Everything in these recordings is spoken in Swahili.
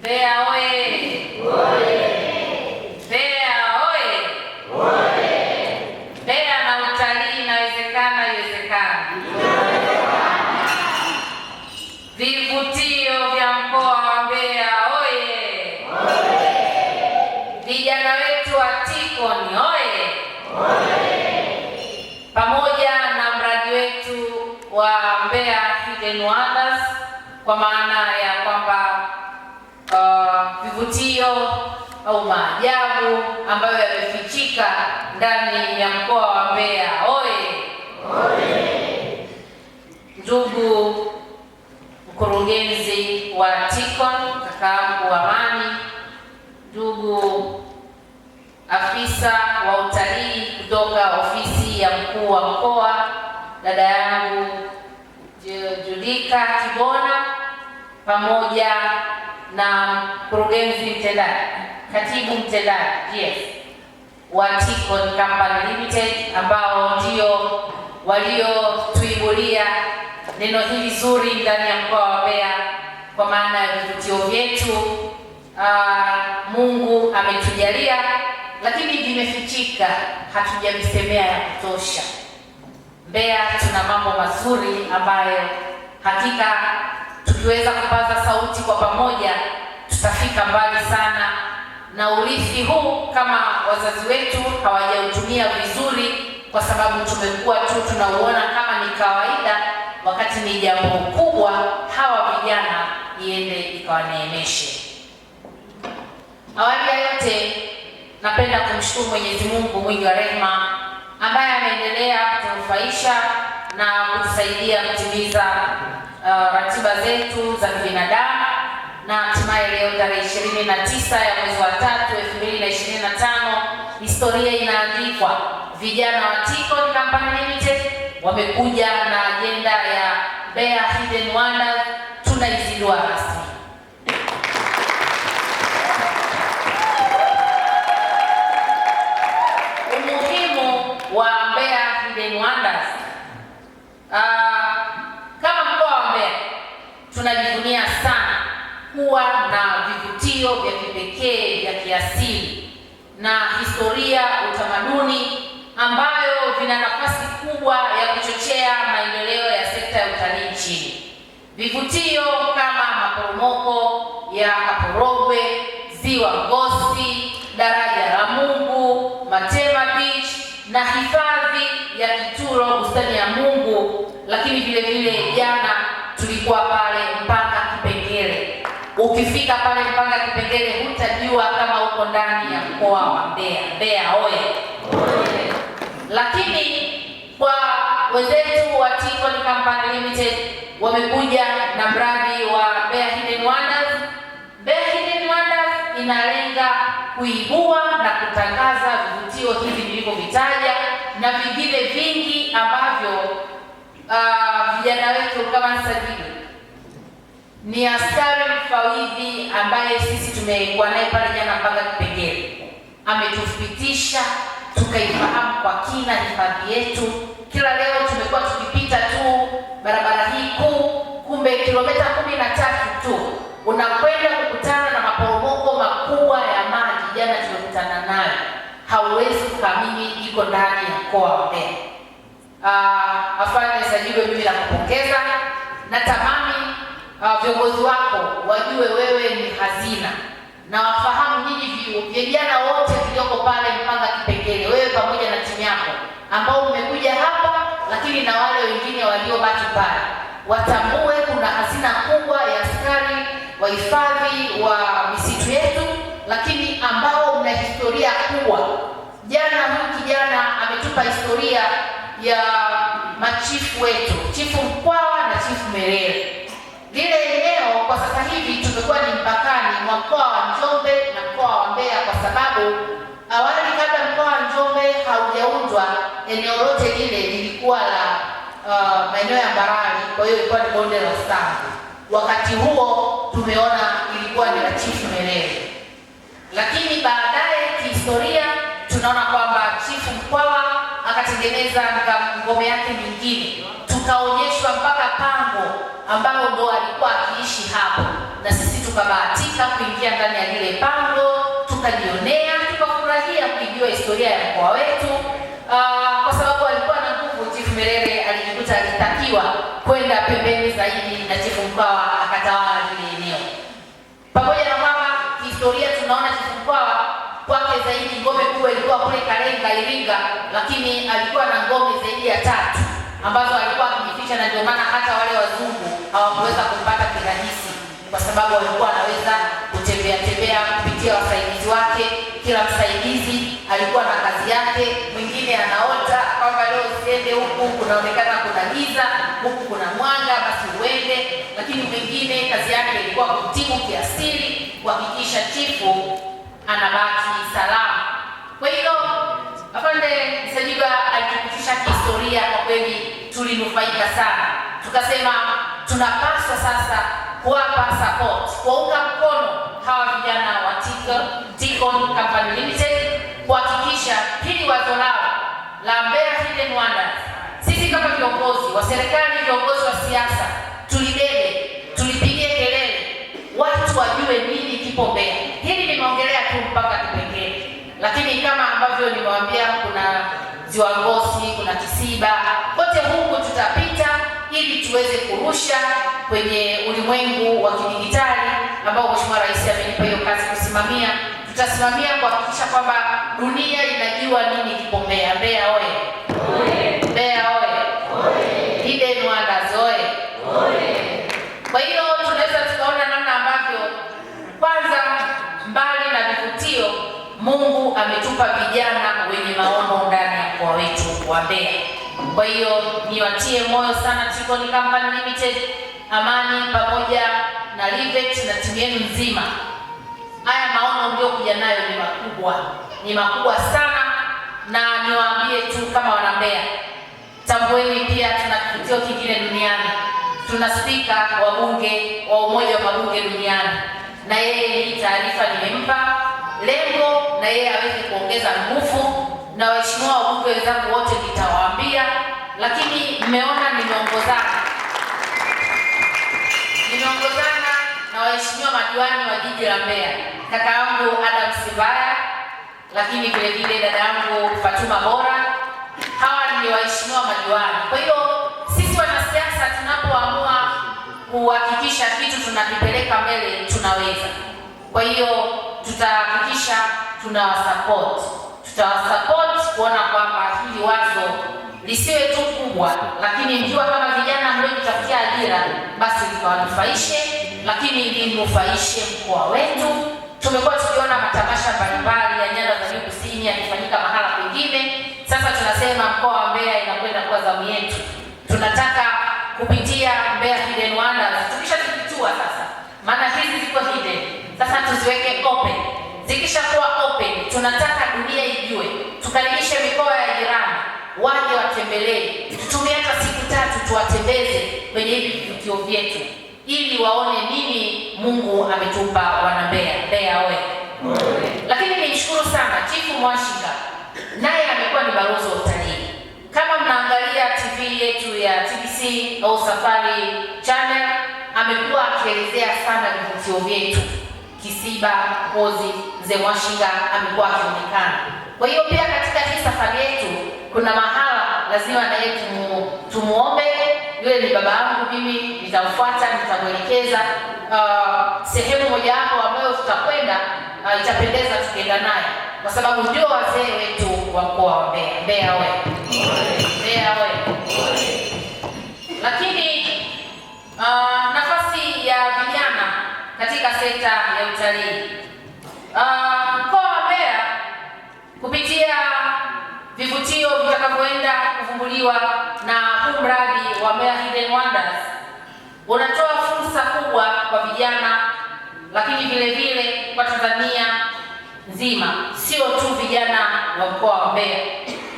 Mbeya oye! Mbeya oye! Mbeya na utalii, inawezekana, iwezekana. Vivutio vya mkoa wa Mbeya oye! Vijana wetu wa TICON oye! Pamoja na mradi wetu wa Mbeya Hidden Wonders kwa maana ya mavutio au maajabu ambayo yamefichika ndani ya mkoa wa Mbeya. Oye, oye! Ndugu mkurugenzi wa TIKON kakaangu Amani, ndugu afisa wa utalii kutoka ofisi ya mkuu wa mkoa, dada yangu Judika Kibona pamoja na mkurugenzi mtendaji, katibu mtendaji yes, wa Tikon Company Limited ambao ndio waliotuibulia neno hili zuri ndani ya mkoa wa Mbeya kwa maana ya vivutio vyetu. Ah, Mungu ametujalia, lakini vimefichika, hatujavisemea ya kutosha. Mbeya tuna mambo mazuri ambayo hakika tukiweza kupaza sauti kwa pamoja, tutafika mbali sana, na urithi huu kama wazazi wetu hawajautumia vizuri, kwa sababu tumekuwa tu tunauona kama ni kawaida, wakati ni jambo kubwa. Hawa vijana iende ikawaneemeshe. Awali ya yote, napenda kumshukuru Mwenyezi Mungu mwingi wa rehema ambaye ameendelea kutunufaisha na kutusaidia kutimiza uh, ratiba zetu za kibinadamu na hatimaye leo tarehe 29 ya mwezi wa tatu 2025 historia inaandikwa. Vijana wa Tiko Company Limited wamekuja na ajenda ya Mbeya Hidden Wonders tunaizindua rasmi. kuwa na vivutio vya kipekee vya kiasili na historia, utamaduni ambayo vina nafasi kubwa ya kuchochea maendeleo ya sekta ya utalii nchini. Vivutio kama maporomoko ya Kaporogwe, ziwa Ngosi, daraja la Mungu, Matema Beach na hifadhi ya Kituro, bustani ya Mungu, lakini vile vile jana tulikuwa pale Mpanda Ukifika pale Mpanga Kipengere hutajua kama uko ndani ya mkoa wa Mbeya. Mbeya oye! Lakini kwa wenzetu wa Ticon Company Limited wamekuja na mradi wa Mbeya Hidden Wonders. Mbeya Hidden Wonders inalenga kuibua na kutangaza vivutio hivi nilivyovitaja na vingine vingi ambavyo uh, vijana wetu kama sajili ni askari mfawidhi ambaye sisi tumekuwa naye pale jana mpaka Kipengere, ametupitisha tukaifahamu kwa kina hifadhi yetu. Kila leo tumekuwa tukipita tu barabara hii kuu, kumbe kilomita kumi na tatu tu unakwenda kukutana na maporomoko makubwa ya maji. Jana tumekutana nayo, hauwezi kukamini iko ndani ya mkoa wa Mbeya. Ah, afande Sajilo, mimi nakupongeza na natamani uh, viongozi wako wajue wewe ni hazina na wafahamu nyinyi vijana wote vilioko pale Mpanga Kipengele, wewe pamoja na timu yako ambao umekuja hapa, lakini na wale wengine waliobaki pale, watambue kuna hazina kubwa ya askari wahifadhi wa misitu yetu, lakini ambao mna historia kubwa. Jana huyu kijana ametupa historia ya machifu wetu, Chifu Mkwawa na Chifu Merere. Lile eneo kwa sasa hivi tumekuwa ni mpakani mwa mkoa wa Njombe na mkoa wa Mbeya, kwa sababu awali kabla mkoa wa Njombe haujaundwa eneo lote lile lilikuwa la uh, maeneo ya Mbarali, kwa hiyo ilikuwa ni bonde la Usangu. Wakati huo tumeona ilikuwa ni la Chifu Melele, lakini baadaye kihistoria tunaona kwamba Chifu Mkwawa akatengeneza ngome yake nyingine tukaonyeshwa mpaka pango ambao ndo alikuwa akiishi hapo, na sisi tukabahatika kuingia ndani ya lile pango tukajionea, tukafurahia kujua historia ya mkoa wetu. Uh, kwa sababu alikuwa na nguvu, Chifu Merere alijikuta alitakiwa kwenda pembeni zaidi na Chifu Mkwawa akatawala lile eneo. Pamoja na kwamba historia tunaona Chifu Mkwawa kwake zaidi ngome kubwa ilikuwa kule Kalenga Iringa, lakini alikuwa na ngome zaidi ya tatu ambazo alikuwa akijificha, na ndio maana hata wale wazungu hawakuweza kumpata kirahisi, kwa sababu alikuwa anaweza kutembea tembea kupitia wasaidizi wake. Kila msaidizi alikuwa na kazi yake, mwingine anaota kwamba leo usiende huku, kunaonekana kuna giza, huku kuna mwanga, basi uende. Lakini mwingine kazi yake ilikuwa kutibu kiasiri, kuhakikisha chifu anabaki salama. Kwa hiyo Afande Msajigwa alitupitisha kihistoria, kwa kweli tulinufaika sana, tukasema tunapaswa sasa kuwapa support, kuwaunga mkono hawa vijana wa Ticon Company Limited kuhakikisha hili wazo lao la Mbeya Hidden Wonders, sisi kama viongozi wa serikali, viongozi wa siasa tulibebe ambavyo nimewaambia, kuna Ziwa Ngosi, kuna Kisiba, kote huku tutapita ili tuweze kurusha kwenye ulimwengu wa kidijitali ambao Mheshimiwa Rais amenipa hiyo kazi kusimamia. Tutasimamia kuhakikisha kwamba dunia inajua nini kipo Mbeya. Mbeya oye! ametupa vijana wenye maono ndani ya mkoa wetu wa Mbeya. Kwa hiyo niwatie moyo sana Tikoni Company Limited, Amani pamoja na Livet na timu yenu nzima. Haya maono mliokuja nayo ni makubwa, ni makubwa sana, na niwaambie tu kama wana Mbeya, tambueni pia tuna kivutio kingine duniani, tuna spika wa bunge wa umoja wa mabunge duniani, na yeye hii taarifa nimempa lengo na yeye aweze kuongeza nguvu. Na waheshimiwa wabunge wenzangu wote nitawaambia, lakini mmeona nimeongozana, nimeongozana na waheshimiwa madiwani wa jiji la Mbeya, kaka yangu Adam Sibaya, lakini vile vile dada yangu Fatuma Bora. Hawa ni waheshimiwa madiwani. Kwa hiyo sisi wanasiasa tunapoamua kuhakikisha kitu tunakipeleka mbele, tunaweza. Kwa hiyo tutahakikisha tunawasapoti, support kuona kwamba hili wazo lisiwe tu kubwa, lakini mjua kama vijana mliokutafutia ajira, basi likawanufaishe, lakini linufaishe mkoa wetu. Tumekuwa tukiona matamasha mbalimbali ya nyanda za juu kusini yakifanyika mahala pengine. Sasa tunasema mkoa wa Mbeya inakwenda kuwa zamu yetu, tunataka kupitia Mbeya Hidden Wonders tukishakitua sasa maana tuziweke open. Zikishakuwa open, tunataka dunia ijue, tukaribishe mikoa ya jirani, waje watembelee, tutumie hata siku tatu, tuwatembeze kwenye hivi vivutio vyetu, ili waone nini Mungu ametupa wana Mbeya. Mbeya we Lakini nimshukuru sana Chifu Mwashinga, naye amekuwa ni balozi wa utalii. Kama mnaangalia TV yetu ya TBC au Safari Channel, amekuwa akielezea sana vivutio vyetu Kisiba, Kozi, Mzee Mwashinga amekuwa akionekana. Kwa hiyo pia katika hii safari yetu kuna mahala lazima naye tumu, tumuombe yule ni baba yangu mimi, nitamfuata nitamwelekeza. Uh, sehemu moja hapo ambayo tutakwenda uh, itapendeza tukienda naye, kwa sababu ndio wazee wetu wa mkoa wa Mbeya. Mbeya we, Mbeya we, lakini uh, nafasi ya katika sekta ya utalii. Uh, mkoa wa Mbeya kupitia vivutio vitakavyoenda kufunguliwa na huu mradi wa Mbeya Hidden Wonders unatoa fursa kubwa kwa vijana, lakini vile vile kwa Tanzania nzima, sio tu vijana wa mkoa wa Mbeya.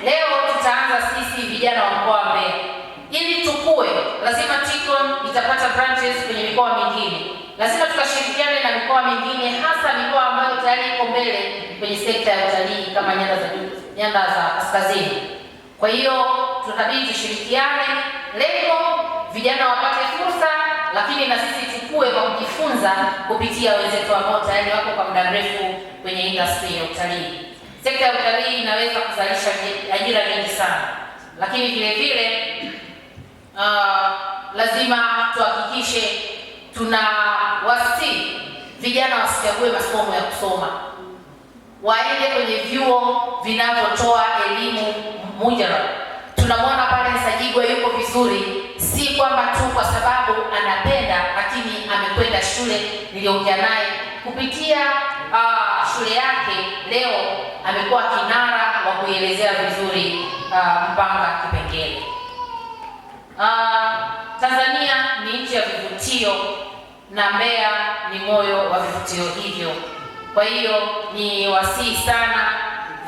Leo tutaanza sisi vijana wa mkoa wa Mbeya ili tukue, lazima Ticon itapata branches kwenye mikoa mingine. Lazima tukashirikiane na mikoa mingine, hasa mikoa ambayo tayari iko mbele kwenye sekta ya utalii kama nyanda za nyanda za kaskazini. Kwa hiyo tunabidi tushirikiane, lengo vijana wapate fursa, lakini na sisi tukue kwa kujifunza kupitia wenzetu ambao tayari wako kwa muda mrefu kwenye industry ya utalii. Sekta ya utalii inaweza kuzalisha ajira nyingi sana, lakini vile vile uh, lazima tuhakikishe tuna wasi vijana wasichague masomo ya kusoma, waende kwenye vyuo vinavyotoa elimu mujarab. Tunamwona pale Msajigwa yuko vizuri, si kwamba tu kwa sababu anapenda, lakini amekwenda shule. Niliongea naye kupitia uh, shule yake, leo amekuwa kinara wa kuielezea vizuri uh, Mpanga kipengele Uh, Tanzania ni nchi ya vivutio na Mbeya ni moyo wa vivutio hivyo. Kwa hiyo ni wasihi sana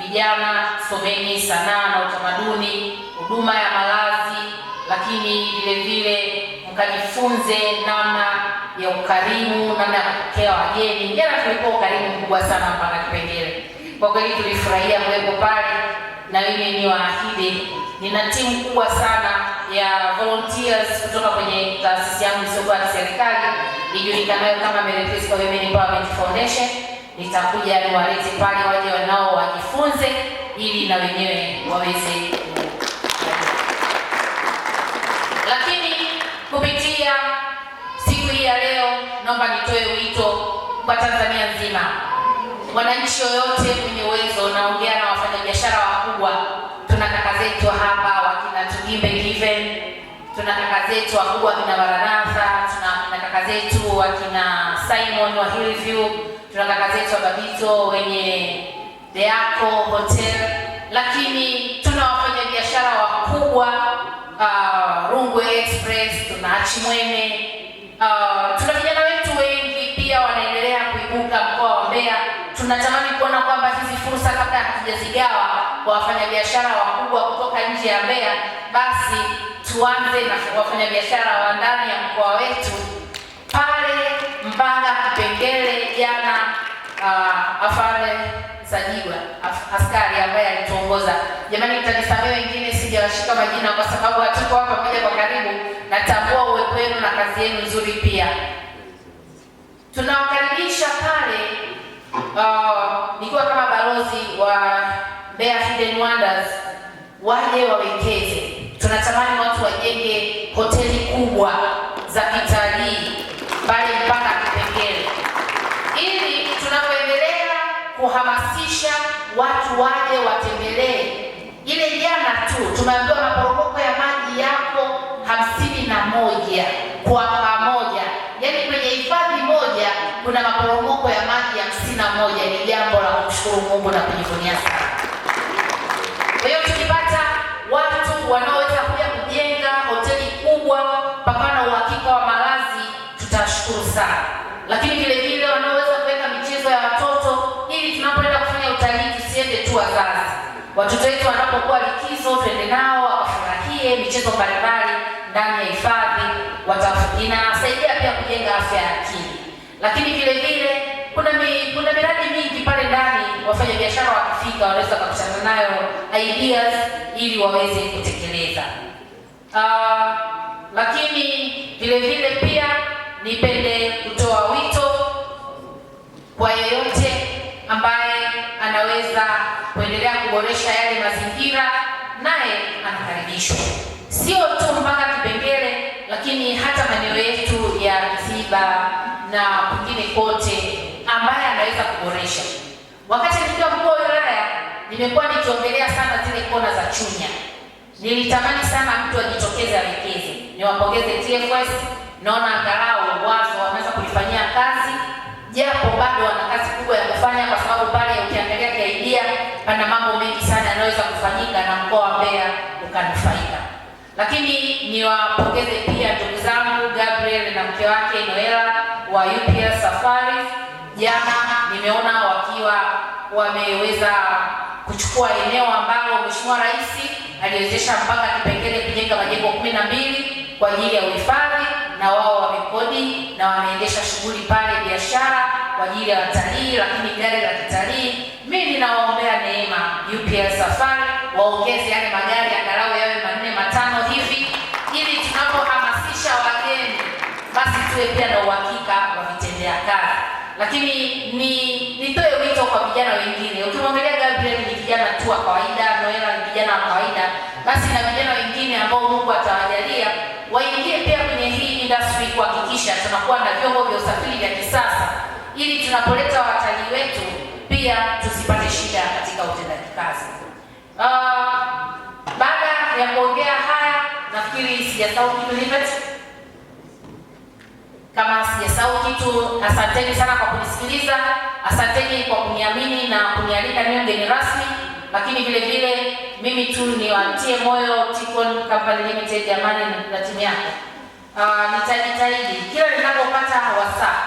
vijana, someni sanaa na utamaduni, huduma ya malazi, lakini vile vile mkajifunze namna ya ukarimu, namna ya kupokea wageni. Jana tulikuwa ukarimu mkubwa sana hapa na kipengele, kwa kweli tulifurahia mwepo pale, na mimi niwaahidi nina timu kubwa sana ya volunteers kutoka kwenye taasisi yangu isiyokuwa ya serikali ijulikanayo kama Mary Grace Women Empowerment Foundation. Nitakuja niwalete pale waje wanao wajifunze ili na wenyewe waweze lakini kupitia siku hii ya leo, naomba nitoe wito kwa Tanzania nzima, wananchi yoyote mwenye uwezo, naongea na wafanyabiashara wakubwa, tuna kaka zetu hapa tuna Given, tuna kaka zetu wakubwa kina Baranaza, tuna kaka zetu wakina Simon wa Hillview, tuna kaka zetu wa Babito wenye Deaco Hotel, lakini tuna biashara wakubwa uh, Rungwe Express, tuna Achimwene uh, tuna vijana Tunatamani kuona kwamba hizi fursa kabla hatujazigawa kwa wafanyabiashara wakubwa kutoka nje ya Mbeya, basi tuanze na wafanyabiashara wa ndani ya mkoa wetu pale Mbaga Kipengele. Jana uh, afande Sajiwa af, askari ambaye alituongoza, jamani, mtanisamehe wengine sijawashika majina kwa sababu hatuko hapa moja kwa karibu. Natambua uwepo wenu na kazi yenu nzuri. Pia tunawakaribisha pale uh, nikiwa kama balozi wa Mbeya Hidden Wonders waje wawekeze. Tunatamani watu wajenge hoteli kubwa za kitalii bali mpaka kipengele ili tunapoendelea kuhamasisha watu waje watembelee. Ile jana tu tumeambiwa maporomoko ya maji yako hamsini na moja kwa kuna maporomoko ya maji hamsini na moja. Ni jambo la kumshukuru Mungu na kujivunia sana. Kwa hiyo tukipata watu wanaoweza kuja kujenga hoteli kubwa pamoja na uhakika wa malazi, tutashukuru sana, lakini vile vile wanaoweza kuweka michezo ya watoto ili tunapoenda kufanya utalii tusiende tu wazazi, watoto wetu wanapokuwa likizo, twende nao wakafurahie michezo mbalimbali ndani ya hifadhi, inasaidia lakini vile vile kuna mi, kuna miradi mingi pale ndani, wafanyabiashara wakifika wanaweza kukutana nayo ideas ili waweze kutekeleza. Uh, lakini vile vile pia nipende kutoa wito kwa yeyote ambaye anaweza kuendelea kuboresha yale mazingira, naye anakaribishwa, sio tu mpaka Kipengere, lakini hata maeneo yetu ya Kisiba na kwingine kote ambaye anaweza kuboresha. Wakati nikiwa mkuu wa wilaya, nimekuwa nikiongelea sana zile kona za Chunya. Nilitamani sana mtu ajitokeze awekeze. Niwapongeze TFS, naona angalau wazo wameweza kulifanyia kazi, japo bado wana kazi kubwa ya kufanya, kwa sababu pale ukiangalia kiaidia, pana mambo mengi sana yanayoweza kufanyika na mkoa wa Mbeya ukanufaika. Lakini niwapongeze pia ndugu zangu UPS Safari jana nimeona wakiwa wameweza kuchukua eneo ambalo Mheshimiwa Rais aliwezesha mpaka kipengele kujenga majengo kumi na mbili kwa ajili ya uhifadhi, na wao wamekodi na wanaendesha shughuli pale biashara kwa ajili ya watalii, lakini gari la kitalii. Mimi ninawaombea neema UPS Safari waongeze yale magari angalau yawe manne matano hivi, ili tunapohamasisha wageni basi tuwe pia na uhakika lakini ni nitoe wito kwa vijana wengine. Ukimwangalia Gabriel ni kijana tu wa kawaida, Noela ni kijana wa kawaida, basi na vijana wengine ambao Mungu atawajalia waingie pia kwenye hii industry, kuhakikisha tunakuwa na vyombo vya usafiri vya kisasa, ili tunapoleta watalii wetu pia tusipate shida katika utendaji kazi. Uh, baada ya kuongea haya, nafikiri sijasahau kitu kama sijasahau kitu, asanteni sana kwa kunisikiliza, asanteni kwa kuniamini na kunialika niwe mgeni rasmi, lakini vile vile mimi tu niwatie moyo Tikon Company Limited, jamani, na timu yako. Uh, nitajitahidi kila ninapopata wasaa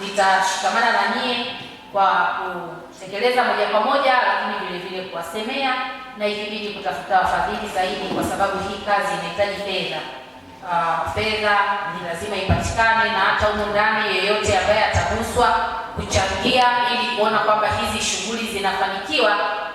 nitashikamana na nyie kwa kutekeleza moja kwa moja, lakini vile vile kuwasemea na ikibidi kutafuta wafadhili zaidi, kwa sababu hii kazi inahitaji fedha. Ah, fedha ni lazima ipatikane, na hata humu ndani yeyote ambaye ataguswa kuchangia ili kuona kwamba hizi shughuli zinafanikiwa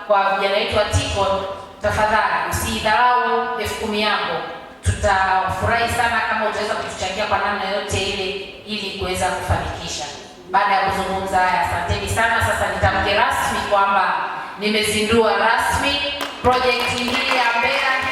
kwa vijana wetu wa TIKO, tafadhali usidharau elfu kumi yako. Tutafurahi sana kama utaweza kutuchangia kwa namna yote ile ili kuweza kufanikisha. Baada ya kuzungumza haya, asanteni sana. Sasa nitamke rasmi kwamba nimezindua rasmi projekti hii ya Mbea